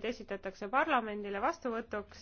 dokumendid esitatakse parlamendile vastuvõtuks